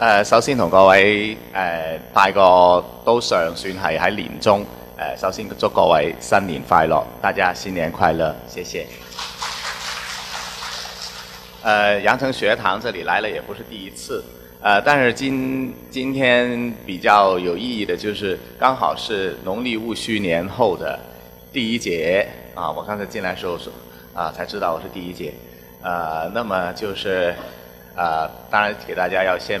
呃，首先同各位呃，拜個都上算係喺年中呃，首先祝各位新年快樂，大家新年快樂，謝謝。誒、呃，羊城學堂這裏來了也不是第一次，呃，但是今今天比較有意義的，就是剛好是農曆戊戌年後的第一節，啊！我剛才進來時候說，啊，才知道我是第一節。啊、呃，那麼就是啊、呃，當然給大家要先。